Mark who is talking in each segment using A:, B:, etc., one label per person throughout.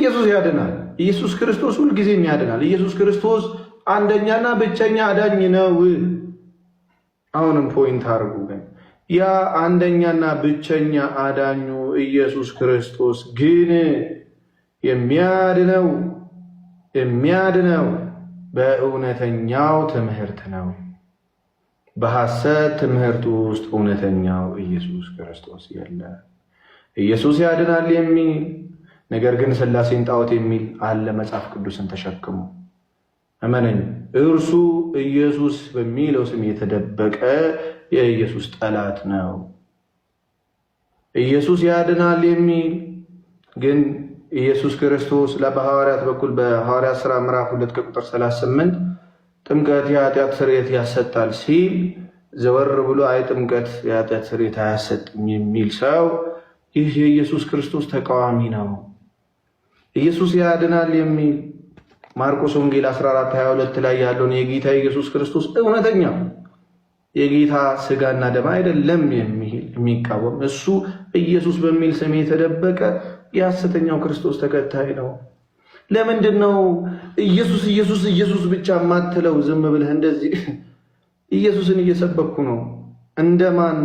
A: ኢየሱስ ያድናል። ኢየሱስ ክርስቶስ ሁልጊዜም ያድናል። ኢየሱስ ክርስቶስ አንደኛና ብቸኛ አዳኝ ነው። አሁንም ፖይንት አድርጉ። ግን ያ አንደኛና ብቸኛ አዳኙ ኢየሱስ ክርስቶስ ግን የሚያድነው የሚያድነው በእውነተኛው ትምህርት ነው። በሐሰት ትምህርት ውስጥ እውነተኛው ኢየሱስ ክርስቶስ የለ። ኢየሱስ ያድናል የሚል ነገር ግን ስላሴን ጣዖት የሚል አለ መጽሐፍ ቅዱስን ተሸክሞ እመነኝ። እርሱ ኢየሱስ በሚለው ስም የተደበቀ የኢየሱስ ጠላት ነው። ኢየሱስ ያድናል የሚል ግን ኢየሱስ ክርስቶስ በሐዋርያት በኩል በሐዋርያት ሥራ ምዕራፍ ሁለት ከቁጥር 38 ጥምቀት የኃጢአት ስርየት ያሰጣል ሲል ዘወር ብሎ አይ ጥምቀት የኃጢአት ስርየት አያሰጥም የሚል ሰው ይህ የኢየሱስ ክርስቶስ ተቃዋሚ ነው። ኢየሱስ ያድናል የሚል ማርቆስ ወንጌል 14 22 ላይ ያለውን የጌታ ኢየሱስ ክርስቶስ እውነተኛ የጌታ ስጋና ደም አይደለም የሚል የሚቃወም እሱ ኢየሱስ በሚል ስም የተደበቀ የሐሰተኛው ክርስቶስ ተከታይ ነው። ለምንድን ነው ኢየሱስ ኢየሱስ ኢየሱስ ብቻ የማትለው? ዝም ብለህ እንደዚህ ኢየሱስን እየሰበኩ ነው። እንደማን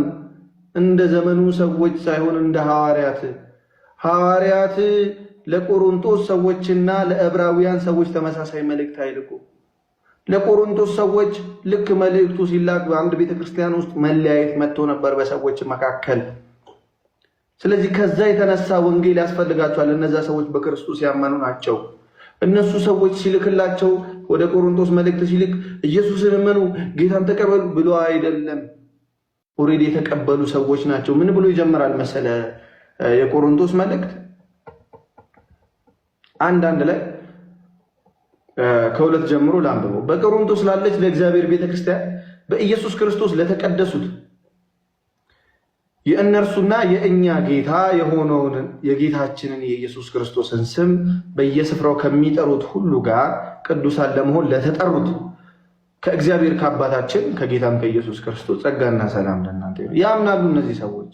A: እንደ ዘመኑ ሰዎች ሳይሆን እንደ ሐዋርያት ሐዋርያት ለቆሮንቶስ ሰዎችና ለዕብራውያን ሰዎች ተመሳሳይ መልእክት አይልኩ። ለቆሮንቶስ ሰዎች ልክ መልእክቱ ሲላክ በአንድ ቤተክርስቲያን ውስጥ መለያየት መጥቶ ነበር በሰዎች መካከል። ስለዚህ ከዛ የተነሳ ወንጌል ያስፈልጋቸዋል። እነዛ ሰዎች በክርስቶስ ያመኑ ናቸው። እነሱ ሰዎች ሲልክላቸው ወደ ቆሮንቶስ መልእክት ሲልክ ኢየሱስን እመኑ፣ ጌታን ተቀበሉ ብሎ አይደለም። ኦልሬዲ የተቀበሉ ሰዎች ናቸው። ምን ብሎ ይጀምራል መሰለ የቆሮንቶስ መልእክት አንዳንድ ላይ ከሁለት ጀምሮ ላንብበው። በቆሮንቶስ ላለች ለእግዚአብሔር ቤተክርስቲያን በኢየሱስ ክርስቶስ ለተቀደሱት የእነርሱና የእኛ ጌታ የሆነውን የጌታችንን የኢየሱስ ክርስቶስን ስም በየስፍራው ከሚጠሩት ሁሉ ጋር ቅዱሳን ለመሆን ለተጠሩት ከእግዚአብሔር ከአባታችን ከጌታም ከኢየሱስ ክርስቶስ ጸጋና ሰላም ለእናንተ ያምናሉ እነዚህ ሰዎች።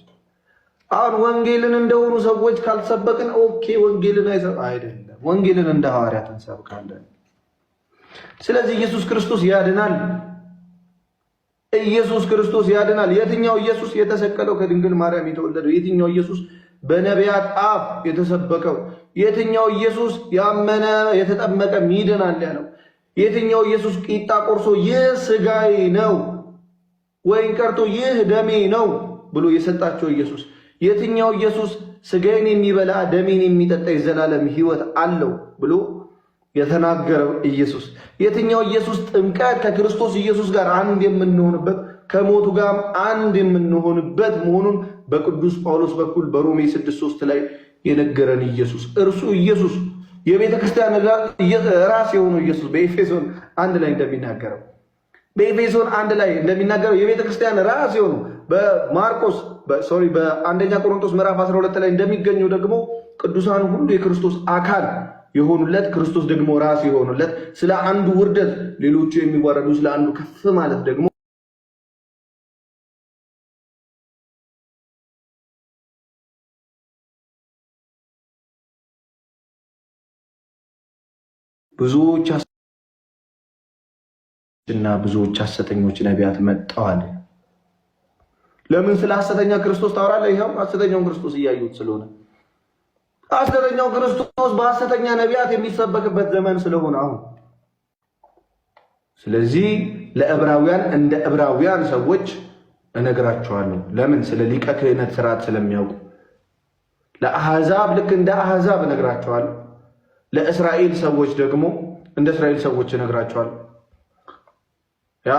A: አሁን ወንጌልን እንደሆኑ ሰዎች ካልሰበክን ኦኬ፣ ወንጌልን አይደለም ወንጌልን እንደ ሐዋርያት እንሰብካለን። ስለዚህ ኢየሱስ ክርስቶስ ያድናል። ኢየሱስ ክርስቶስ ያድናል። የትኛው ኢየሱስ? የተሰቀለው ከድንግል ማርያም የተወለደው። የትኛው ኢየሱስ? በነቢያት አፍ የተሰበከው። የትኛው ኢየሱስ? ያመነ የተጠመቀ ይድናል ያለው። የትኛው ኢየሱስ? ቂጣ ቆርሶ ይህ ስጋዬ ነው፣ ወይን ቀርቶ ይህ ደሜ ነው ብሎ የሰጣቸው ኢየሱስ። የትኛው ኢየሱስ? ስጋዬን የሚበላ ደሜን የሚጠጣ የዘላለም ህይወት አለው ብሎ የተናገረው ኢየሱስ የትኛው ኢየሱስ? ጥምቀት ከክርስቶስ ኢየሱስ ጋር አንድ የምንሆንበት ከሞቱ ጋር አንድ የምንሆንበት መሆኑን በቅዱስ ጳውሎስ በኩል በሮሜ 6፥3 ላይ የነገረን ኢየሱስ እርሱ ኢየሱስ የቤተ ክርስቲያን ራስ የሆነው ኢየሱስ በኤፌሶን አንድ ላይ እንደሚናገረው በኤፌሶን አንድ ላይ እንደሚናገረው የቤተ ክርስቲያን ራስ የሆነው በማርቆስ ሶሪ በአንደኛ ቆሮንቶስ ምዕራፍ 12 ላይ እንደሚገኘው ደግሞ ቅዱሳን ሁሉ የክርስቶስ አካል የሆኑለት ክርስቶስ ደግሞ ራስ የሆኑለት ስለ አንዱ ውርደት ሌሎቹ የሚዋረዱ ስለ አንዱ ከፍ ማለት ደግሞ ብዙዎች እና ብዙዎች ሐሰተኞች ነቢያት መጥተዋል። ለምን ስለ ሐሰተኛ ክርስቶስ ታወራለህ? ይኸው ሐሰተኛውን ክርስቶስ እያዩት ስለሆነ ሐሰተኛው ክርስቶስ በሐሰተኛ ነቢያት የሚሰበክበት ዘመን ስለሆነ አሁን ስለዚህ ለዕብራውያን እንደ ዕብራውያን ሰዎች እነግራቸዋለሁ። ለምን ስለ ሊቀ ክህነት ስርዓት ስለሚያውቁ። ለአሕዛብ ልክ እንደ አሕዛብ እነግራቸዋለሁ። ለእስራኤል ሰዎች ደግሞ እንደ እስራኤል ሰዎች እነግራቸዋለሁ ያ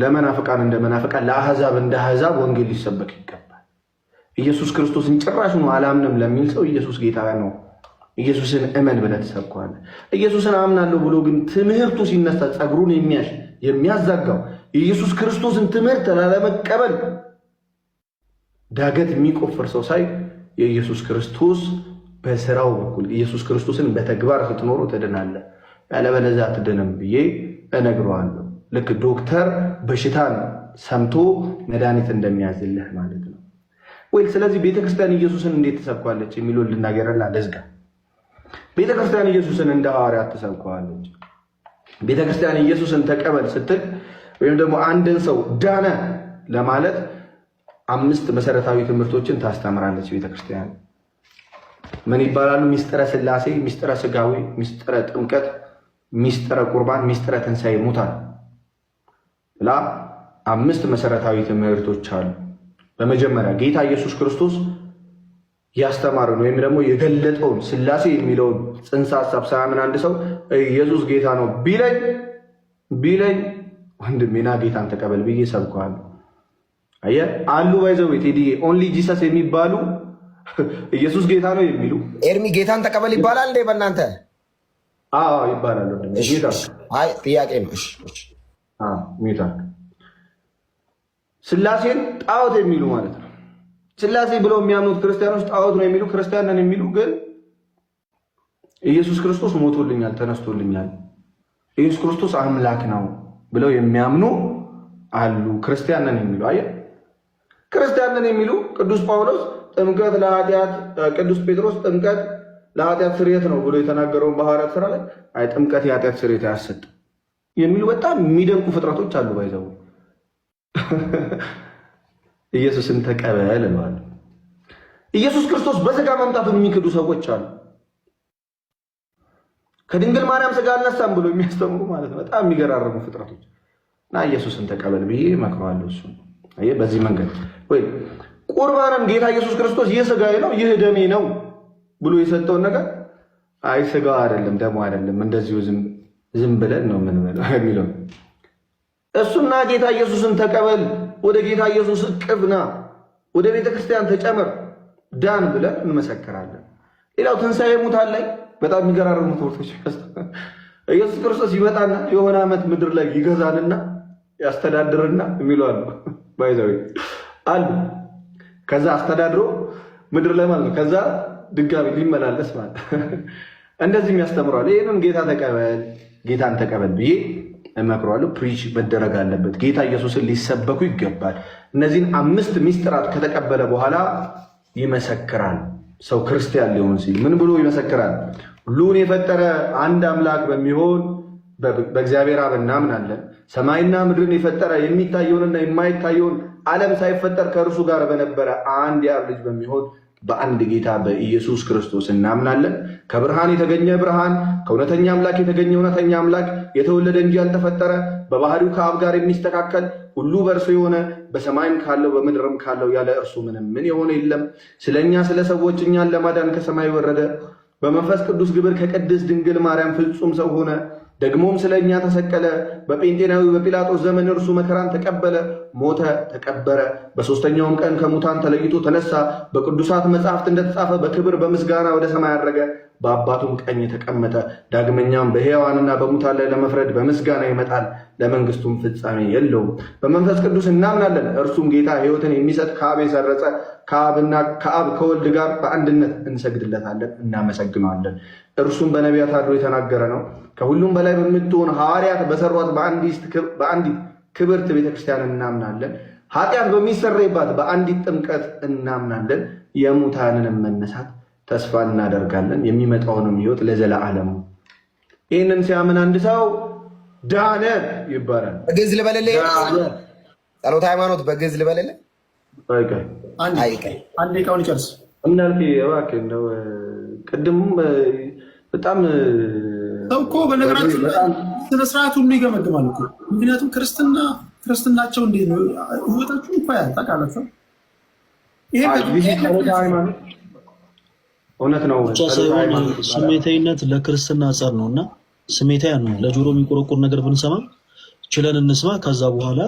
A: ለመናፍቃን እንደ መናፍቃን ለአህዛብ እንደ አህዛብ ወንጌል ሊሰበክ ይገባል። ኢየሱስ ክርስቶስን ጭራሽ ነው አላምንም ለሚል ሰው ኢየሱስ ጌታ ነው፣ ኢየሱስን እመን ብለህ ትሰብከዋለህ። ኢየሱስን አምናለሁ ብሎ ግን ትምህርቱ ሲነሳ ጸጉሩን የሚያሽ የሚያዛጋው የኢየሱስ ክርስቶስን ትምህርት ላለመቀበል ዳገት የሚቆፍር ሰው ሳይ የኢየሱስ ክርስቶስ በስራው በኩል ኢየሱስ ክርስቶስን በተግባር ስትኖሩ ትድናለህ፣ ያለበለዚያ አትድንም ብዬ እነግረዋለሁ። ልክ ዶክተር በሽታን ሰምቶ መድኃኒት እንደሚያዝልህ ማለት ነው ወይ? ስለዚህ ቤተክርስቲያን ኢየሱስን እንዴት ትሰብኳለች የሚለውን ልናገርና ልዝጋ። ቤተክርስቲያን ኢየሱስን እንደ ሐዋርያት ትሰብከዋለች። ቤተክርስቲያን ኢየሱስን ተቀበል ስትል ወይም ደግሞ አንድን ሰው ዳነ ለማለት አምስት መሰረታዊ ትምህርቶችን ታስተምራለች ቤተክርስቲያን። ምን ይባላሉ? ሚስጥረ ስላሴ፣ ሚስጥረ ስጋዊ፣ ሚስጥረ ጥምቀት፣ ሚስጥረ ቁርባን፣ ሚስጥረ ትንሣኤ ሙታን ብላ አምስት መሰረታዊ ትምህርቶች አሉ። በመጀመሪያ ጌታ ኢየሱስ ክርስቶስ ያስተማረን ወይም ደግሞ የገለጠውን ስላሴ የሚለውን ጽንሰ ሀሳብ ሳያምን አንድ ሰው ኢየሱስ ጌታ ነው ቢለኝ ቢለኝ ወንድሜና ጌታን ተቀበል ብዬ ሰብከዋል። አየ አሉ ባይዘው ቴዲ ኦንሊ ጂሰስ የሚባሉ ኢየሱስ ጌታ ነው የሚሉ
B: ኤርሚ ጌታን ተቀበል ይባላል እንዴ? በእናንተ
A: ይባላል። ጥያቄ ነው። ሜታል ስላሴን ጣዖት የሚሉ ማለት ነው። ስላሴ ብለው የሚያምኑት ክርስቲያኖች ጣዖት ነው የሚሉ ክርስቲያን ነን የሚሉ ግን ኢየሱስ ክርስቶስ ሞቶልኛል፣ ተነስቶልኛል፣ ኢየሱስ ክርስቶስ አምላክ ነው ብለው የሚያምኑ አሉ። ክርስቲያን ነን የሚሉ አየ ክርስቲያን ነን የሚሉ ቅዱስ ጳውሎስ ጥምቀት ለኃጢአት ቅዱስ ጴጥሮስ ጥምቀት ለኃጢአት ስርየት ነው ብሎ የተናገረውን በሐዋርያት ስራ ላይ አይ ጥምቀት የኃጢአት ስርየት አያሰጥም የሚሉ በጣም የሚደንቁ ፍጥረቶች አሉ። ባይዘው ኢየሱስን ተቀበል እለዋለሁ። ኢየሱስ ክርስቶስ በስጋ መምጣቱን የሚክዱ ሰዎች አሉ። ከድንግል ማርያም ስጋ አልነሳም ብሎ የሚያስተምሩ ማለት ነው። በጣም የሚገራረሙ ፍጥረቶች እና ኢየሱስን ተቀበል ብዬ እመክረዋለሁ። እሱ በዚህ መንገድ ወይ ቁርባንም ጌታ ኢየሱስ ክርስቶስ ይህ ስጋዬ ነው ይህ ደሜ ነው ብሎ የሰጠውን ነገር አይ ስጋው አይደለም ደሞ አይደለም እንደዚሁ ዝም ዝም ብለን ነው የምንበለው የሚለው እሱና ጌታ ኢየሱስን ተቀበል፣ ወደ ጌታ ኢየሱስ ቅብና፣ ወደ ቤተ ክርስቲያን ተጨመር፣ ዳን ብለን እንመሰክራለን። ሌላው ትንሣኤ ሙታን ላይ በጣም የሚገራረሙ ትምህርቶች ኢየሱስ ክርስቶስ ይመጣና የሆነ ዓመት ምድር ላይ ይገዛንና ያስተዳድርና የሚሉ አሉ። ባይዛዊ አሉ። ከዛ አስተዳድሮ ምድር ላይ ማለት ነው። ከዛ ድጋሚ ሊመላለስ ማለት እንደዚህ የሚያስተምረዋል። ይህንን ጌታ ተቀበል ጌታን ተቀበል ብዬ እመክረዋለሁ። ፕሪች መደረግ አለበት። ጌታ ኢየሱስን ሊሰበኩ ይገባል። እነዚህን አምስት ሚስጥራት ከተቀበለ በኋላ ይመሰክራል። ሰው ክርስቲያን ሊሆን ሲል ምን ብሎ ይመሰክራል? ሁሉን የፈጠረ አንድ አምላክ በሚሆን በእግዚአብሔር አብ እናምናለን። ሰማይና ምድርን የፈጠረ የሚታየውንና የማይታየውን ዓለም ሳይፈጠር ከእርሱ ጋር በነበረ አንድ የአብ ልጅ በሚሆን በአንድ ጌታ በኢየሱስ ክርስቶስ እናምናለን። ከብርሃን የተገኘ ብርሃን፣ ከእውነተኛ አምላክ የተገኘ እውነተኛ አምላክ፣ የተወለደ እንጂ ያልተፈጠረ፣ በባህሪው ከአብ ጋር የሚስተካከል ሁሉ በእርሱ የሆነ በሰማይም ካለው በምድርም ካለው ያለ እርሱ ምንም ምን የሆነ የለም። ስለ እኛ ስለ ሰዎች እኛን ለማዳን ከሰማይ ወረደ። በመንፈስ ቅዱስ ግብር ከቅድስት ድንግል ማርያም ፍጹም ሰው ሆነ። ደግሞም ስለ እኛ ተሰቀለ። በጴንጤናዊ በጲላጦስ ዘመን እርሱ መከራን ተቀበለ፣ ሞተ፣ ተቀበረ። በሦስተኛውም ቀን ከሙታን ተለይቶ ተነሳ። በቅዱሳት መጽሐፍት እንደተጻፈ በክብር በምስጋና ወደ ሰማይ አረገ፣ በአባቱም ቀኝ ተቀመጠ። ዳግመኛም በሕያዋንና በሙታን ላይ ለመፍረድ በምስጋና ይመጣል፣ ለመንግስቱም ፍጻሜ የለውም። በመንፈስ ቅዱስ እናምናለን፣ እርሱም ጌታ ሕይወትን የሚሰጥ ከአብ የሰረጸ ከአብና ከአብ ከወልድ ጋር በአንድነት እንሰግድለታለን፣ እናመሰግነዋለን። እርሱም በነቢያት አድሮ የተናገረ ነው። ከሁሉም በላይ በምትሆን ሐዋርያት በሰሯት በአንዲት ክብርት ቤተክርስቲያን እናምናለን። ኃጢአት በሚሰረይባት በአንዲት ጥምቀት እናምናለን። የሙታንንም መነሳት ተስፋ እናደርጋለን። የሚመጣውንም ህይወት ለዘለዓለሙ። ይህንን ሲያምን አንድ ሰው ዳነ ይባላል።
B: በግዕዝ ልበልልህ፣ ጸሎተ ሃይማኖት በግዕዝ ልበልልህ።
A: አንድ ቃውን ይጨርስ እናል። ቅድም በጣም
B: ሰው እኮ በነገራችን ስነ ስርዓቱ ሁሉ ይገመግማል እኮ ምክንያቱም ክርስትና ክርስትናቸው እንዴት ነው ህይወታችሁ እኮ ያ ታውቃላችሁ። እውነት ነው ብቻ ሳይሆን ስሜታዊነት ለክርስትና ጸር ነው እና ስሜታዊ ነው። ለጆሮ የሚቆረቁር ነገር ብንሰማ ችለን እንስማ። ከዛ በኋላ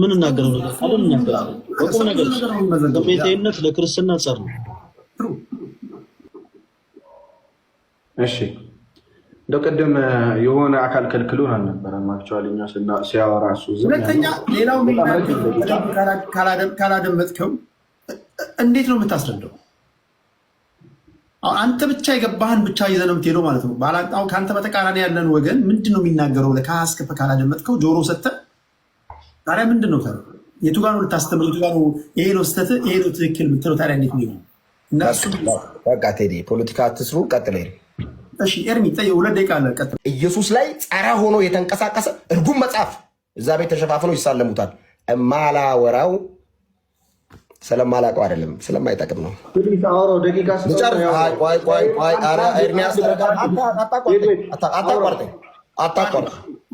B: ምን እናገረው ነገር አለ እናገራለን። በቁም ነገር ስሜታዊነት ለክርስትና ጸር ነው።
A: እሺ እንደቀደም የሆነ አካል ከልክሎን አልነበረም። አክቹዋሊ እኛ ሲያወራ እሱ
B: ሁለተኛ፣ ሌላው ካላደመጥከው እንዴት ነው የምታስረዳው? አንተ ብቻ የገባህን ብቻ ይዘህ ነው የምትሄደው ማለት ነው። ባላንጣው ከአንተ በተቃራኒ ያለን ወገን ምንድን ነው የሚናገረው? ለካስከፈ ካላደመጥከው ጆሮ ሰተህ ታዲያ ምንድን ነው ታዲያ የቱ ጋር ነው ልታስተምር? የቱ ጋር ነው ይሄ ነው ስህተት፣ ይሄ ነው ትክክል የምትለው ታዲያ እንዴት ነው? እና በቃ ቴዲ ፖለቲካ አትስሩ፣ ቀጥለ ኢየሱስ ላይ ጸረ ሆኖ የተንቀሳቀሰ እርጉም መጽሐፍ እዛ ቤት ተሸፋፍነው ይሳለሙታል። እማላወራው ስለማላውቀው አይደለም ስለማይጠቅም ነው።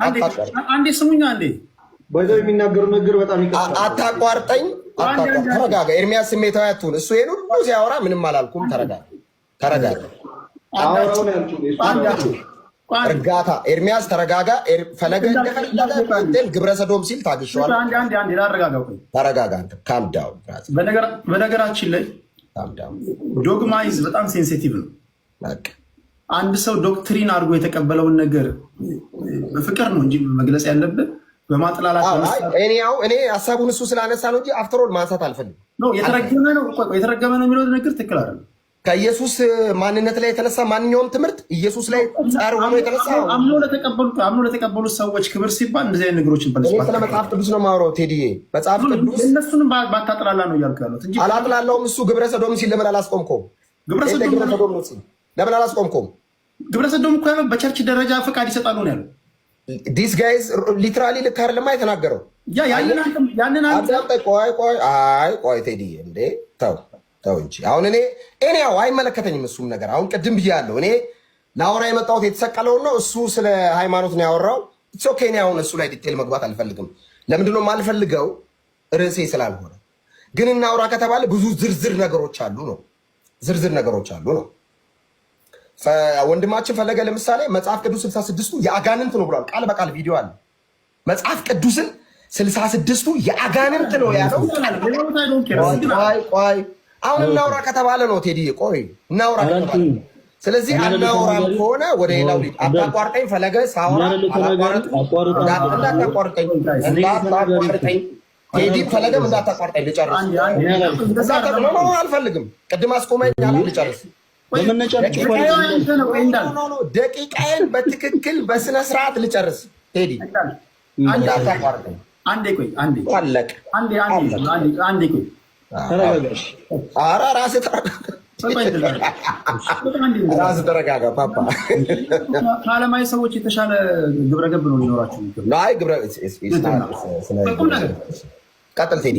B: አንዴ አታቋርጠኝ። ተረጋጋ ኤርሚያስ፣ ስሜታዊ አትሁን። እሱ ይሄን ሁሉ ሲያወራ ምንም አላልኩም። ተረጋጋ፣ ተረጋጋ እርጋታ ኤርሚያስ ተረጋጋ። ፈለገ እንደፈለገ ግብረ ሰዶም ሲል ታግሸዋል።
A: በነገራችን ላይ ዶግማይዝ በጣም ሴንሲቲቭ ነው። አንድ ሰው ዶክትሪን አድርጎ የተቀበለውን ነገር በፍቅር ነው እንጂ መግለጽ ያለብን በማጥላላት
B: እኔ ሀሳቡን እሱ ስላነሳ ነው እንጂ አፍተሮል ማንሳት አልፈልግም።
A: የተረገመ ነው የሚለው ነገር ትክክል አይደለም።
B: ከኢየሱስ ማንነት ላይ የተነሳ ማንኛውም ትምህርት ኢየሱስ ላይ ጸር ሆኖ የተነሳ
A: አምኖ ለተቀበሉት አምኖ ለተቀበሉት ሰዎች ክብር ሲባል እንደዚህ አይነት ነገሮችን
B: በለስባት ስለ መጽሐፍ ቅዱስ ነው የማወራው። ቴዲዬ መጽሐፍ ቅዱስ
A: እነሱንም ባታጥላላ ነው እያልኩ ያሉት
B: እንጂ አላጥላላውም። እሱ ግብረ ሰዶም ሲል ለምን አላስቆምከውም? ግብረ ሰዶም ሲል ለምን አላስቆምከውም?
A: ግብረ ሰዶም እኮ ያለው በቸርች ደረጃ ፈቃድ ይሰጣሉ ነው ያለው።
B: ዲስ ጋይዝ ሊትራሊ ልክ አይደለማ የተናገረው። ያንን ቆይ ቆይ አይ ቆይ ቴዲዬ እንዴ ተው ተው እንጂ አሁን እኔ እኔ ያው አይመለከተኝም እሱም ነገር አሁን ቅድም ብያለሁ። እኔ ለአውራ የመጣሁት የተሰቀለውን ነው። እሱ ስለ ሃይማኖት ነው ያወራው። ኢትስ ኦኬ። እኔ አሁን እሱ ላይ ዲቴል መግባት አልፈልግም። ለምንድነው የማልፈልገው? ርዕሴ ስላልሆነ። ግን እናውራ ከተባለ ብዙ ዝርዝር ነገሮች አሉ ነው ዝርዝር ነገሮች አሉ ነው። ወንድማችን ፈለገ ለምሳሌ መጽሐፍ ቅዱስ ስልሳ ስድስቱ የአጋንንት ነው ብሏል። ቃል በቃል ቪዲዮ አለ። መጽሐፍ ቅዱስን ስልሳ ስድስቱ የአጋንንት ነው ያለው። ቆይ ቆይ አሁን እናውራ ከተባለ ነው ቴዲ፣ ቆይ እናውራ ከተባለ ስለዚህ አናውራም ከሆነ ወደ ሌላው ልጅ አታቋርጠኝ፣ ፈለገ ሳውራ እንዳታቋርጠኝ፣ እንዳታቋርጠኝ ቴዲ፣ ፈለገም እንዳታቋርጠኝ። ልጨርስ አልፈልግም። ቅድም አስቆመኝ ያለ ልጨርስ ደቂቃዬን በትክክል በስነ ስርዓት ልጨርስ። ቴዲ
A: እንዳታቋርጠኝ።
B: አንዴ ቆይ፣ አንዴ አለቅ፣ አንዴ ቆይ ኧረ እራስህ ተረጋጋ ፓፓ።
A: ከዓለማዊ ሰዎች የተሻለ ግብረ ገብ ነው ሊኖራቸው። ቀጥል ቴዲ።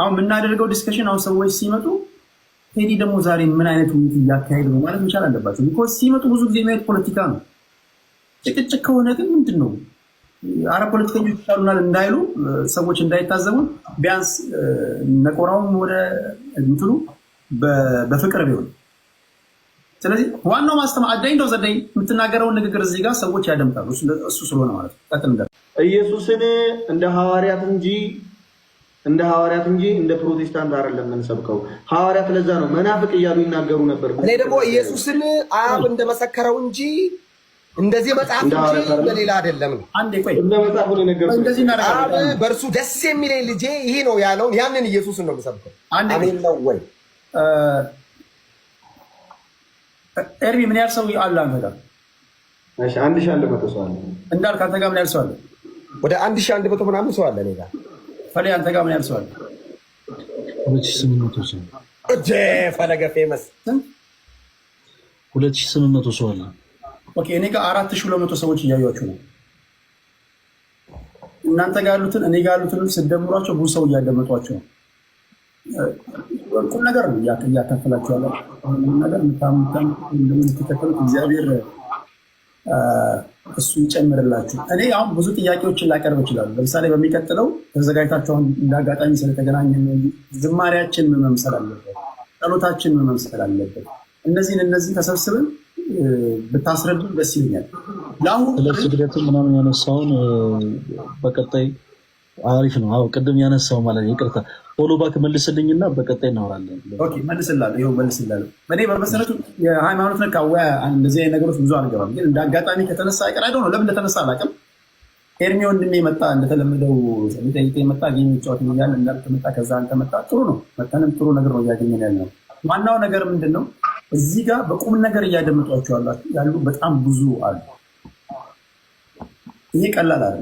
A: አሁን የምናደርገው ዲስከሽን አሁን ሰዎች ሲመጡ ቴዲ ደግሞ ዛሬ ምን አይነት ውይይት እያካሄድ ነው ማለት መቻል አለባቸው። ሲመጡ ብዙ ጊዜ የሚሄድ ፖለቲካ ነው። ጭቅጭቅ ከሆነ ግን ምንድን ነው አረብ ፖለቲከኞች ይሻሉናል እንዳይሉ ሰዎች እንዳይታዘቡን ቢያንስ ነቆራውም ወደ እንትኑ በፍቅር ቢሆን። ስለዚህ ዋናው ማስተማ አዳኝ እንደው ዘዳኝ የምትናገረውን ንግግር እዚህ ጋር ሰዎች ያደምጣሉ። እሱ ስለሆነ ማለት ነው ኢየሱስን እንደ ሐዋርያት እንጂ እንደ ሐዋርያት እንጂ እንደ ፕሮቴስታንት አይደለም የምንሰብከው። ሐዋርያት ለዛ ነው መናፍቅ እያሉ ይናገሩ ነበር።
B: እኔ ደግሞ ኢየሱስን አብ እንደመሰከረው እንጂ እንደዚህ መጽሐፍ በሌላ አይደለም ነው። በእርሱ ደስ የሚለኝ ልጄ ይሄ ነው ያለውን ያንን ኢየሱስን ነው የምሰብከው። አሜን ነው ወይ ኤርሚ? ምን ያህል ሰው አለ አንተ ጋር?
A: አንድ ሺህ አንድ መቶ ሰው አለ
B: እንዳልክ። አንተ ጋር ምን ያህል ሰው አለ?
A: ወደ አንድ ሺህ አንድ መቶ ምናምን ሰው አለ እኔ ጋር።
B: ፈለይ አንተ ጋር ምን ያህል ሰው አለ?
A: ሁለት ሺህ ስምንት መቶ ሰው አለ
B: ኦኬ እኔ ጋር አራት ሺህ ሁለት መቶ ሰዎች እያዩችሁ ነው። እናንተ ጋር ያሉትን እኔ ጋር ያሉትን ስደምሯቸው ብዙ ሰው እያደመጧቸው ነው። ቁም ነገር ነው እያካፈላቸው እግዚአብሔር እሱ ይጨምርላችሁ። እኔ አሁን ብዙ ጥያቄዎችን ላቀርብ እችላለሁ። ለምሳሌ በሚቀጥለው ተዘጋጅታችሁ አሁን እንደ አጋጣሚ ስለተገናኘ ዝማሪያችን ምን መምሰል አለበት፣ ጸሎታችን ምን መምሰል አለበት፣ እነዚህን እነዚህ ተሰብስበን ብታስረዱን ደስ ይለኛል።
A: ስለ ስግደት ምናምን ያነሳውን በቀጣይ አሪፍ ነው። አዎ ቅድም ያነሳው ማለት ይቅርታ፣ ፎሎ ባክ መልስልኝና በቀጣይ እናወራለን።
B: መልስላለ ይኸው መልስላለ። እኔ በመሰረቱ የሃይማኖት ነካ ወይ እንደዚህ አይነት ነገሮች ብዙ አልገባም፣ ግን እንደ አጋጣሚ ከተነሳ ቀር አይደ ነው። ለምን እንደተነሳ አላውቅም። ኤርሚ ወንድሜ መጣ፣ እንደተለመደው ጠይቄ መጣ፣ ጌም ጨዋት እያልን እንዳልተመጣ ከዛ አንተ መጣ። ጥሩ ነው፣ መተንም ጥሩ ነገር ነው እያገኘን ያለ ነው። ዋናው ነገር ምንድን ነው እዚህ ጋር በቁም ነገር እያደመጧቸው ያሉ በጣም ብዙ አሉ። ይሄ ቀላል አለ።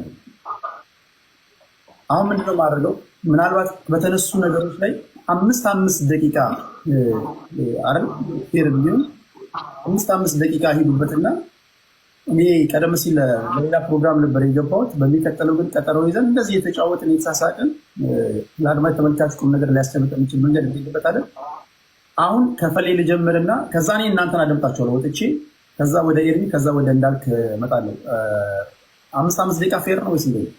B: አሁን ምንድነው ማድረገው? ምናልባት በተነሱ ነገሮች ላይ አምስት አምስት ደቂቃ አረብ ፌር ቢሆን አምስት አምስት ደቂቃ ሂዱበትና እኔ ቀደም ሲል ለሌላ ፕሮግራም ነበር የገባሁት። በሚቀጥለው ግን ቀጠሮ ይዘን እንደዚህ የተጫወትን የተሳሳቅን ለአድማጭ ተመልካች ቁም ነገር ሊያስጨምጠ የሚችል መንገድ እንሄድበታለን። አሁን ከፈሌ ልጀምርና ከዛ እኔ እናንተን አደምጣችኋለሁ ወጥቼ ከዛ ወደ ኤርሚ ከዛ ወደ እንዳልክ እመጣለሁ። አምስት አምስት ደቂቃ ፌር ነው ወይስ እንዴት?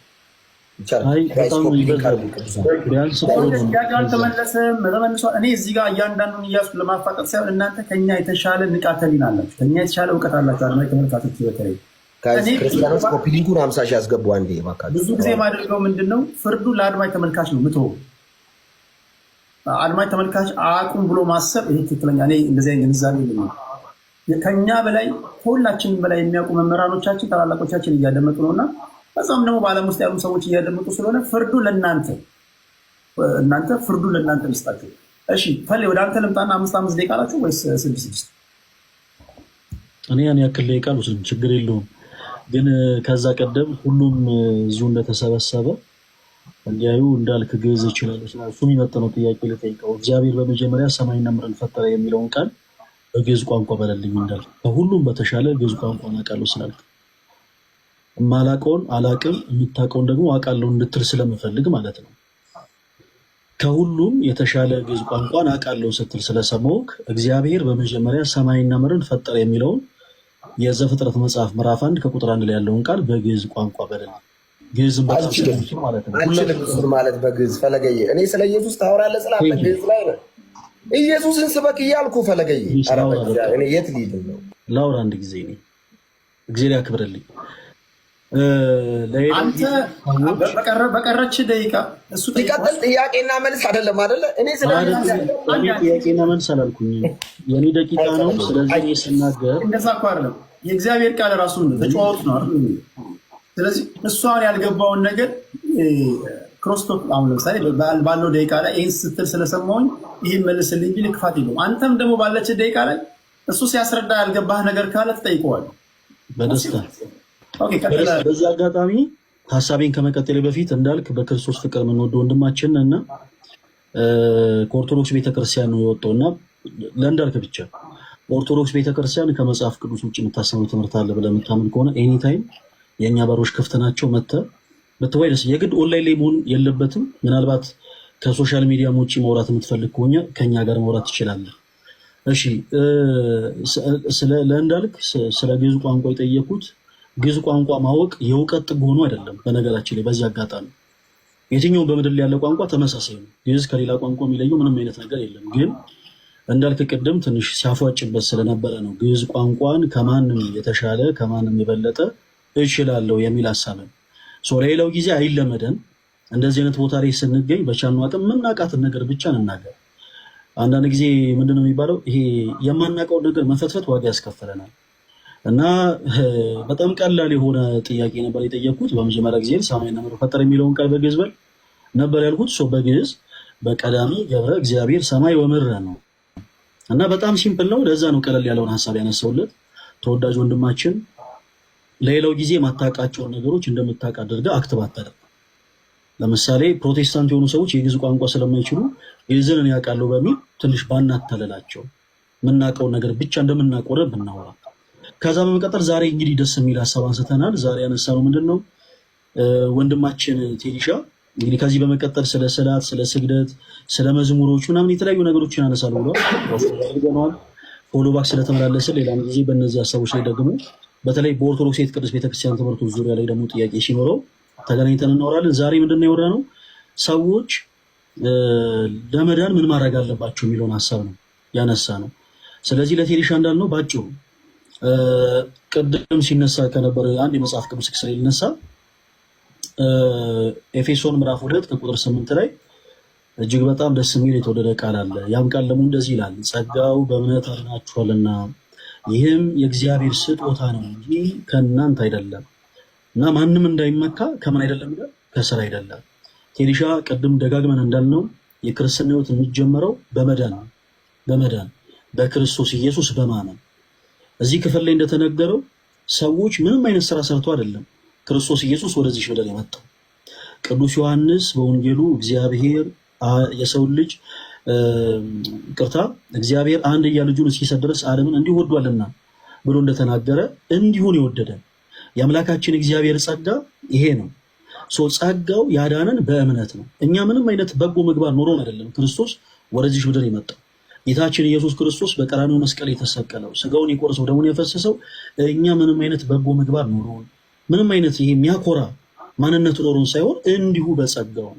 B: አልተመለሰም እኔ እዚህ ጋር እያንዳንዱን እያሱ ለማፋጠጥ ሳይሆን እናንተ ከኛ የተሻለ ንቃተ ሕሊና አላችሁ፣ ከኛ የተሻለ እውቀት አላችሁ። አድማ ተመልካቾች በተለይ ክርስቲያኖች ኮፒ ሀምሳ ሺህ ያስገቡ አንዴ። ብዙ ጊዜ የማደርገው ምንድን ነው ፍርዱ ለአድማ ተመልካች ነው ምትሆ አድማጭ ተመልካች አቁም ብሎ ማሰብ ይሄ ትክክለኛ እኔ እንደዚህ ግንዛቤ ከኛ በላይ ከሁላችንም በላይ የሚያውቁ መምህራኖቻችን ታላላቆቻችን እያደመጡ ነው እና በዛም ደግሞ በዓለም ውስጥ ያሉ ሰዎች እያደመጡ ስለሆነ ፍርዱ ለእናንተ እናንተ ፍርዱ ለእናንተ ልስጣችሁ። እሺ ፈሌ ወደ አንተ ልምጣና አምስት አምስት ደቂቃ አላችሁ ወይስ ስድስት ስድስት? እኔ ያን ያክል ደቂቃ ችግር የለውም ግን ከዛ ቀደም ሁሉም እዚሁ እንደተሰበሰበ እንዲያዩ እንዳልክ ግዕዝ ይችላለች ና እሱም የመጠነው ጥያቄ ልጠይቀው። እግዚአብሔር በመጀመሪያ ሰማይና ምድርን ፈጠረ የሚለውን ቃል በግዕዝ ቋንቋ በለልኝ እንዳል ከሁሉም በተሻለ ግዕዝ ቋንቋ አውቃለሁ ስላልክ የማላውቀውን አላቅም የምታውቀውን ደግሞ አውቃለሁ እንድትል ስለምፈልግ ማለት ነው። ከሁሉም የተሻለ ግዕዝ ቋንቋን አውቃለሁ ስትል ስለሰማሁህ እግዚአብሔር በመጀመሪያ ሰማይና ምድርን ፈጠረ የሚለውን የዘፍጥረት መጽሐፍ ምዕራፍ አንድ ከቁጥር አንድ ላይ ያለውን ቃል በግዕዝ ቋንቋ በለልኝ። ግዕዝም አልችልም ማለት በግዕዝ ፈለገዬ። እኔ ስለ ኢየሱስ ታወራለህ ስላለ ግዕዝ ላይ ነው ኢየሱስን ስበክ እያልኩ ፈለገዬ። እኔ የት ነው? ላውራ አንድ ጊዜ እኔ ያክብርልኝ። አንተ በቀረች ደቂቃ ጥያቄና መልስ አይደለም አይደለ? እኔ ጥያቄና መልስ የኔ ደቂቃ ነው። ስለዚህ ስናገር እንደዛ እኮ አይደለም። የእግዚአብሔር ቃል ራሱ ተጫዋወት ነው አይደል? ስለዚህ አሁን ያልገባውን ነገር ክርስቶፍ አሁን ለምሳሌ ባለው ደቂቃ ላይ ይህን ስትል ስለሰማውኝ ይህን መልስልኝ እንጂ ልክፋት የለውም። አንተም ደግሞ ባለች ደቂቃ ላይ እሱ ሲያስረዳ ያልገባህ ነገር ካለ ትጠይቀዋል። በደስታ። በዚህ አጋጣሚ ሀሳቤን ከመቀጠል በፊት እንዳልክ በክርስቶስ ፍቅር የምንወደ ወንድማችን እና ከኦርቶዶክስ ቤተክርስቲያን ነው የወጣው እና ለእንዳልክ ብቻ ኦርቶዶክስ ቤተክርስቲያን ከመጽሐፍ ቅዱስ ውጭ የምታሰሙ ትምህርት አለ ብለህ የምታምን ከሆነ ኤኒታይም የእኛ በሮች ክፍት ናቸው። መተ ብትወይ የግድ ኦንላይን ላይ መሆን የለበትም። ምናልባት ከሶሻል ሚዲያ ውጭ መውራት የምትፈልግ ከሆነ ከእኛ ጋር ማውራት ትችላለህ። እሺ ለእንዳልክ ስለ ግዕዝ ቋንቋ የጠየኩት ግዕዝ ቋንቋ ማወቅ የእውቀት ጥግ ሆኖ አይደለም። በነገራችን ላይ በዚህ አጋጣሚ የትኛውን በምድር ላይ ያለ ቋንቋ ተመሳሳይ ነው። ግዕዝ ከሌላ ቋንቋ የሚለየው ምንም አይነት ነገር የለም። ግን እንዳልክ ቅድም ትንሽ ሲያፏጭበት ስለነበረ ነው ግዕዝ ቋንቋን ከማንም የተሻለ ከማንም የበለጠ እችላለሁ የሚል ሀሳብ ነው። ለሌላው ጊዜ አይለመደን። እንደዚህ አይነት ቦታ ላይ ስንገኝ በቻኑ አቅም የምናውቃትን ነገር ብቻ እንናገር። አንዳንድ ጊዜ ምንድን ነው የሚባለው ይሄ የማናውቀውን ነገር መፈትፈት ዋጋ ያስከፍለናል። እና በጣም ቀላል የሆነ ጥያቄ ነበር የጠየቅኩት። በመጀመሪያ ጊዜ ሰማይና ምድር ፈጠረ የሚለውን ቃል በግዕዝ በል ነበር ያልኩት። ሰው በግዕዝ በቀዳሚ ገብረ እግዚአብሔር ሰማይ ወምድረ ነው እና በጣም ሲምፕል ነው። ለዛ ነው ቀለል ያለውን ሀሳብ ያነሳውለት ተወዳጅ ወንድማችን ለሌላው ጊዜ የማታውቃቸውን ነገሮች እንደምታውቅ አድርገህ አክት አታደርግ። ለምሳሌ ፕሮቴስታንት የሆኑ ሰዎች የግዕዝ ቋንቋ ስለማይችሉ ግዕዝን ያውቃለሁ በሚል ትንሽ ባናታለላቸው የምናውቀውን ነገር ብቻ እንደምናቆረ ብናወራ። ከዛ በመቀጠል ዛሬ እንግዲህ ደስ የሚል ሀሳብ አንስተናል። ዛሬ ያነሳ ነው ምንድን ነው ወንድማችን ቴዲሻ እንግዲህ ከዚህ በመቀጠል ስለ ስላት፣ ስለ ስግደት፣ ስለ መዝሙሮች ምናምን የተለያዩ ነገሮችን ያነሳሉ ብሏል። ፎሎባክ ስለተመላለስን ሌላ ጊዜ በእነዚህ ሀሳቦች ላይ ደግሞ በተለይ በኦርቶዶክስ ቤተ ቅዱስ ቤተክርስቲያን ትምህርቱ ዙሪያ ላይ ደግሞ ጥያቄ ሲኖረው ተገናኝተን እናወራለን። ዛሬ ምንድነው የወራ ነው ሰዎች ለመዳን ምን ማድረግ አለባቸው የሚለውን ሀሳብ ነው ያነሳ ነው። ስለዚህ ለቴሌሻ እንዳልነው ባጭሩ ቅድም ሲነሳ ከነበረ አንድ የመጽሐፍ ቅዱስ ክስ ላይ ሊነሳ ኤፌሶን ምዕራፍ ሁለት ከቁጥር ስምንት ላይ እጅግ በጣም ደስ የሚል የተወደደ ቃል አለ። ያም ቃል ደግሞ እንደዚህ ይላል፣ ጸጋው በእምነት አድናችኋልና ይህም የእግዚአብሔር ስጦታ ነው እንጂ ከእናንተ አይደለም እና ማንም እንዳይመካ ከምን አይደለም ይላል? ከስራ አይደለም። ቴሊሻ ቅድም ደጋግመን እንዳልነው የክርስትና ሕይወት የሚጀመረው በመዳን በመዳን በክርስቶስ ኢየሱስ በማመን እዚህ ክፍል ላይ እንደተነገረው ሰዎች ምንም አይነት ስራ ሰርቶ አይደለም ክርስቶስ ኢየሱስ ወደዚህ ምድር የመጣው። ቅዱስ ዮሐንስ በወንጌሉ እግዚአብሔር የሰውን ልጅ ቅርታ እግዚአብሔር አንድያ ልጁን እስኪሰጥ ድረስ ዓለምን እንዲሁ ወዷልና ብሎ እንደተናገረ እንዲሁን የወደደን የአምላካችን እግዚአብሔር ጸጋ ይሄ ነው። ጸጋው ያዳነን በእምነት ነው። እኛ ምንም አይነት በጎ ምግባር ኖሮን አይደለም ክርስቶስ ወደዚህ ምድር የመጣው። ጌታችን ኢየሱስ ክርስቶስ በቀራንዮ መስቀል የተሰቀለው ስጋውን የቆረሰው ደሙን የፈሰሰው እኛ ምንም አይነት በጎ ምግባር ኖሮን ምንም አይነት ይሄ የሚያኮራ ማንነት ኖሮን ሳይሆን እንዲሁ በጸጋው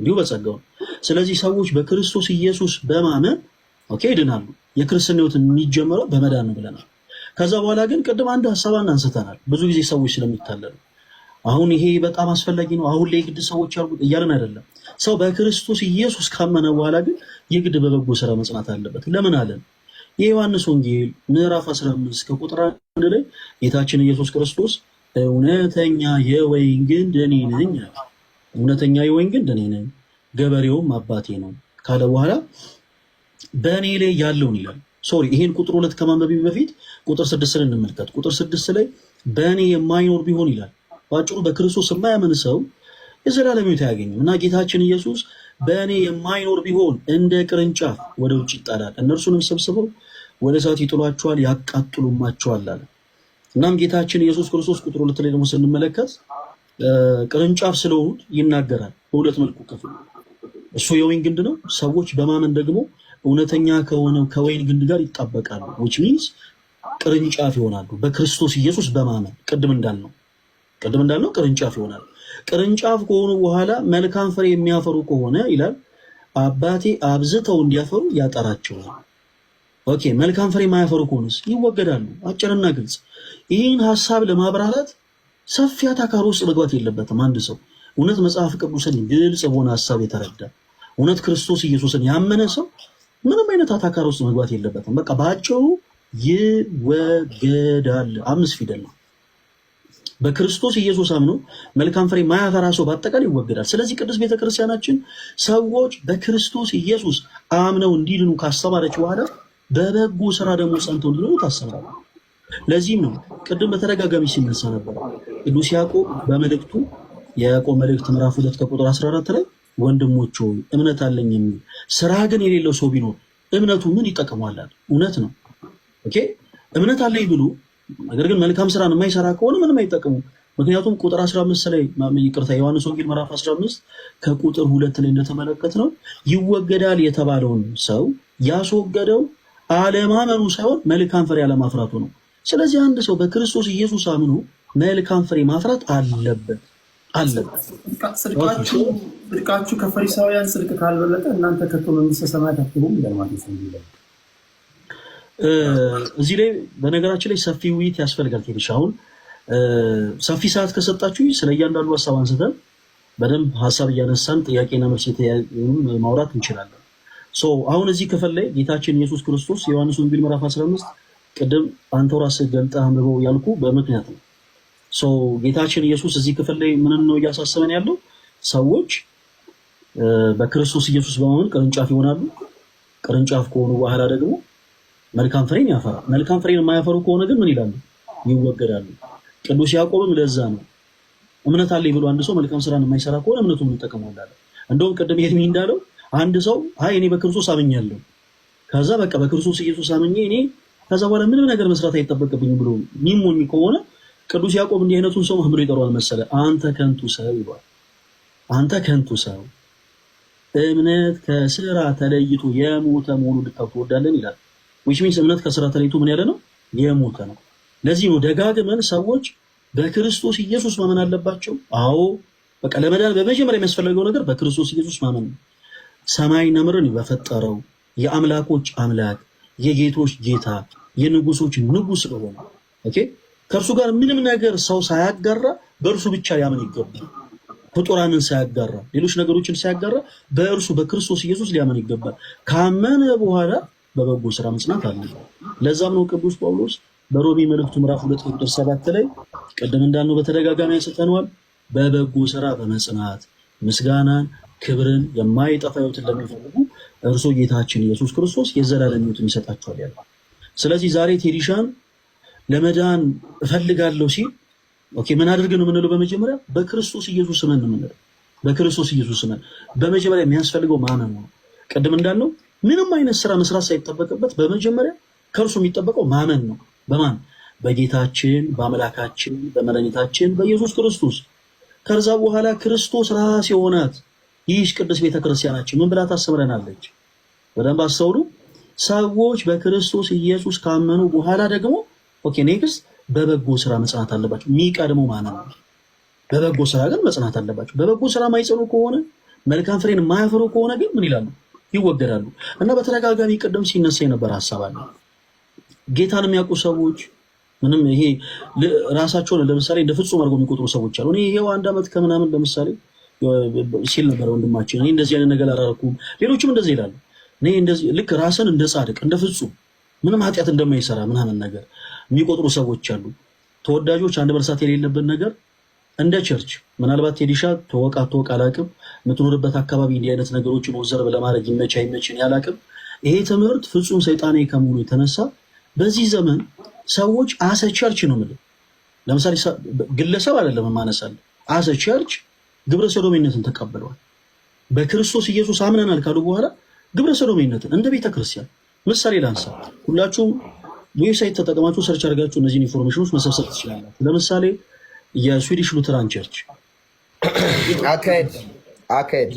B: እንዲሁ በጸጋው ነው። ስለዚህ ሰዎች በክርስቶስ ኢየሱስ በማመን ኦኬ ይድናሉ። የክርስትና ህይወት የሚጀምረው በመዳን ነው ብለናል። ከዛ በኋላ ግን ቅድም አንድ ሀሳብ አንስተናል። ብዙ ጊዜ ሰዎች ስለሚታለሉ አሁን ይሄ በጣም አስፈላጊ ነው፣ አሁን ላይ የግድ ሰዎች አሉ እያለን አይደለም። ሰው በክርስቶስ ኢየሱስ ካመነ በኋላ ግን የግድ በበጎ ስራ መጽናት አለበት። ለምን አለን? የዮሐንስ ወንጌል ምዕራፍ 15 ከቁጥር አንድ ላይ ጌታችን ኢየሱስ ክርስቶስ እውነተኛ የወይን ግንድ እኔ ነኝ፣ እውነተኛ የወይን ግንድ እኔ ነኝ ገበሬውም አባቴ ነው ካለ በኋላ በእኔ ላይ ያለውን ይላል። ሶሪ ይሄን ቁጥር ሁለት ከማንበቢ በፊት ቁጥር ስድስት ላይ እንመልከት። ቁጥር ስድስት ላይ በእኔ የማይኖር ቢሆን ይላል። በአጭሩ በክርስቶስ የማያምን ሰው የዘላለም ሕይወት አያገኝም እና ጌታችን ኢየሱስ በእኔ የማይኖር ቢሆን እንደ ቅርንጫፍ ወደ ውጭ ይጣላል፣ እነርሱንም ሰብስበው ወደ እሳት ይጥሏቸዋል፣ ያቃጥሉማቸዋል አለ። እናም ጌታችን ኢየሱስ ክርስቶስ ቁጥር ሁለት ላይ ደግሞ ስንመለከት ቅርንጫፍ ስለሆኑት ይናገራል። በሁለት መልኩ ከፍሎ እሱ የወይን ግንድ ነው። ሰዎች በማመን ደግሞ እውነተኛ ከሆነው ከወይን ግንድ ጋር ይጣበቃሉ። ዊች ሚንስ ቅርንጫፍ ይሆናሉ። በክርስቶስ ኢየሱስ በማመን ቅድም እንዳልነው ቅድም እንዳልነው ቅርንጫፍ ይሆናሉ። ቅርንጫፍ ከሆኑ በኋላ መልካም ፍሬ የሚያፈሩ ከሆነ ይላል አባቴ አብዝተው እንዲያፈሩ ያጠራቸዋል። ኦኬ መልካም ፍሬ የማያፈሩ ከሆነስ ይወገዳሉ። አጭርና ግልጽ። ይህን ሀሳብ ለማብራራት ሰፊ አታካሪ ውስጥ መግባት የለበትም። አንድ ሰው እውነት መጽሐፍ ቅዱስን ግልጽ በሆነ ሀሳብ የተረዳ እውነት ክርስቶስ ኢየሱስን ያመነ ሰው ምንም አይነት አታካር ውስጥ መግባት የለበትም። በቃ በአጭሩ ይወገዳል። አምስት ፊደል ነው። በክርስቶስ ኢየሱስ አምኖ መልካም ፍሬ ማያፈራ ሰው በአጠቃላይ ይወገዳል። ስለዚህ ቅዱስ ቤተክርስቲያናችን ሰዎች በክርስቶስ ኢየሱስ አምነው እንዲድኑ ካስተማረች በኋላ በበጎ ስራ ደግሞ ጸንተው እንዲድኑ ታስተምራለች። ለዚህም ነው ቅድም በተደጋጋሚ ሲነሳ ነበር ቅዱስ ያዕቆብ በመልእክቱ የያዕቆብ መልእክት ምዕራፍ ሁለት ከቁጥር 14 ላይ ወንድሞች ሆይ እምነት አለኝ የሚል ስራ ግን የሌለው ሰው ቢኖር እምነቱ ምን ይጠቅመዋላል እውነት ነው። ኦኬ እምነት አለኝ ብሎ ነገር ግን መልካም ስራን የማይሰራ ከሆነ ምንም አይጠቅሙ። ምክንያቱም ቁጥር 15 ላይ ይቅርታ፣ ዮሐንስ ወንጌል ምዕራፍ 15 ከቁጥር ሁለት ላይ እንደተመለከት ነው ይወገዳል የተባለውን ሰው ያስወገደው አለማመኑ ሳይሆን መልካም ፍሬ አለማፍራቱ ነው። ስለዚህ አንድ ሰው በክርስቶስ ኢየሱስ አምኖ መልካም ፍሬ ማፍራት አለበት። ጽድቃችሁ ከፈሪሳውያን ጽድቅ ካልበለጠ እናንተ ከቶ መንግስተ ሰማያት አትገቡም ይላል ማቴዎስ ወንጌል። እዚህ ላይ በነገራችን ላይ ሰፊ ውይይት ያስፈልጋል። ትንሽ አሁን ሰፊ ሰዓት ከሰጣችሁ ስለ እያንዳንዱ ሀሳብ አንስተን በደንብ ሀሳብ እያነሳን ጥያቄና መልስ የተያዩን ማውራት እንችላለን። አሁን እዚህ ክፍል ላይ ጌታችን ኢየሱስ ክርስቶስ የዮሐንስ ወንጌል ምዕራፍ 15 ቅድም አንተው ራስህ ገልጠህ አንብበው ያልኩ በምክንያት ነው። ጌታችን ኢየሱስ እዚህ ክፍል ላይ ምን ነው እያሳሰበን ያለው? ሰዎች በክርስቶስ ኢየሱስ በማመን ቅርንጫፍ ይሆናሉ። ቅርንጫፍ ከሆኑ በኋላ ደግሞ መልካም ፍሬን ያፈራ። መልካም ፍሬን የማያፈሩ ከሆነ ግን ምን ይላሉ? ይወገዳሉ። ቅዱስ ያዕቆብም ለዛ ነው እምነት አለ ብሎ አንድ ሰው መልካም ስራን የማይሰራ ከሆነ እምነቱ ምን ጠቅሙ እንዳለ። እንደውም ቅድም ይሄ እንዳለው አንድ ሰው አይ እኔ በክርስቶስ አምኛለሁ፣ ከዛ በቃ በክርስቶስ ኢየሱስ አምኜ እኔ ከዛ በኋላ ምንም ነገር መስራት አይጠበቅብኝም ብሎ ሚሞኝ ከሆነ ቅዱስ ያዕቆብ እንዲህ አይነቱን ሰው ምን ይጠሯል መሰለ? አንተ ከንቱ ሰው ይሏል። አንተ ከንቱ ሰው እምነት ከስራ ተለይቶ የሞተ መሆኑ ልታውቅ ትወዳለን ይላል። ዊች ሚንስ እምነት ከስራ ተለይቶ ምን ያለ ነው? የሞተ ነው። ለዚህ ነው ደጋግመን ሰዎች በክርስቶስ ኢየሱስ ማመን አለባቸው። አዎ በቃ ለመዳን በመጀመሪያ የሚያስፈልገው ነገር በክርስቶስ ኢየሱስ ማመን ነው። ሰማይና ምድርን በፈጠረው የአምላኮች አምላክ የጌቶች ጌታ የንጉሶች ንጉስ ስለሆነ ኦኬ ከእርሱ ጋር ምንም ነገር ሰው ሳያጋራ በእርሱ ብቻ ያምን ይገባል። ፍጡራንን ሳያጋራ ሌሎች ነገሮችን ሳያጋራ በእርሱ በክርስቶስ ኢየሱስ ሊያምን ይገባል። ካመነ በኋላ በበጎ ስራ መጽናት አለ። ለዛም ነው ቅዱስ ጳውሎስ በሮሜ መልእክቱ ምዕራፍ ሁለት ቁጥር ሰባት ላይ ቅድም እንዳልነው በተደጋጋሚ ያሰጠነዋል። በበጎ ስራ በመጽናት ምስጋናን፣ ክብርን የማይጠፋ ሕይወትን ለሚፈልጉ ጌታችን ኢየሱስ ክርስቶስ የዘላለም ሕይወትን ይሰጣቸዋል ያለ። ስለዚህ ዛሬ ቴዲሻን ለመዳን እፈልጋለሁ ሲል ኦኬ ምን አድርግ ነው የምንለው? በመጀመሪያ በክርስቶስ ኢየሱስ እመን ነው የምንለው። በክርስቶስ ኢየሱስ እመን በመጀመሪያ የሚያስፈልገው ማመን ነው። ቅድም እንዳልነው ምንም አይነት ስራ መስራት ሳይጠበቅበት በመጀመሪያ ከእርሱ የሚጠበቀው ማመን ነው። በማን በጌታችን በአምላካችን በመድኃኒታችን በኢየሱስ ክርስቶስ። ከዛ በኋላ ክርስቶስ ራስ የሆናት ይህች ቅዱስ ቤተክርስቲያናችን ምን ብላ ታስተምረናለች? በደንብ አስተውሉ። ሰዎች በክርስቶስ ኢየሱስ ካመኑ በኋላ ደግሞ ኦኬ ኔክስት በበጎ ስራ መጽናት አለባቸው። የሚቀድመው ማለት ነው። በበጎ ስራ ግን መጽናት አለባቸው። በበጎ ስራ የማይጸኑ ከሆነ መልካም ፍሬን የማያፈሩ ከሆነ ግን ምን ይላሉ? ይወገዳሉ። እና በተደጋጋሚ ቅድም ሲነሳ የነበረ ሀሳብ አለ። ጌታን የሚያውቁ ሰዎች ምንም ይሄ ራሳቸውን ለምሳሌ እንደ ፍጹም አድርጎ የሚቆጥሩ ሰዎች አሉ። እኔ ይሄው አንድ ዓመት ከምናምን ለምሳሌ ሲል ነበረ ወንድማችን፣ እኔ እንደዚህ አይነት ነገር አላረኩም። ሌሎችም እንደዚህ ይላሉ። እኔ እንደዚህ ልክ ራስን እንደ ጻድቅ እንደ ፍጹም ምንም ኃጢአት እንደማይሰራ ምናምን ነገር የሚቆጥሩ ሰዎች አሉ። ተወዳጆች አንድ መርሳት የሌለበት ነገር እንደ ቸርች ምናልባት ቴዲሻ ተወቃ ተወቅ አላቅም የምትኖርበት አካባቢ እንዲህ አይነት ነገሮችን ወዘርብ ለማድረግ ይመች አይመችን ያላቅም። ይሄ ትምህርት ፍጹም ሰይጣኔ ከመሆኑ የተነሳ በዚህ ዘመን ሰዎች አሰ ቸርች ነው የምልህ። ለምሳሌ ግለሰብ አይደለም የማነሳልህ፣ አሰ ቸርች ግብረ ሰዶሜነትን ተቀብለዋል። በክርስቶስ ኢየሱስ አምነናል ካሉ በኋላ ግብረ ሰዶሜነትን እንደ ቤተክርስቲያን ምሳሌ ላንሳ ሁላችሁም ይህ ሳይት ተጠቅማችሁ ሰርች አድርጋችሁ እነዚህን ኢንፎርሜሽኖች መሰብሰብ ትችላላችሁ። ለምሳሌ የስዊዲሽ ሉተራን ቸርች አካሄድ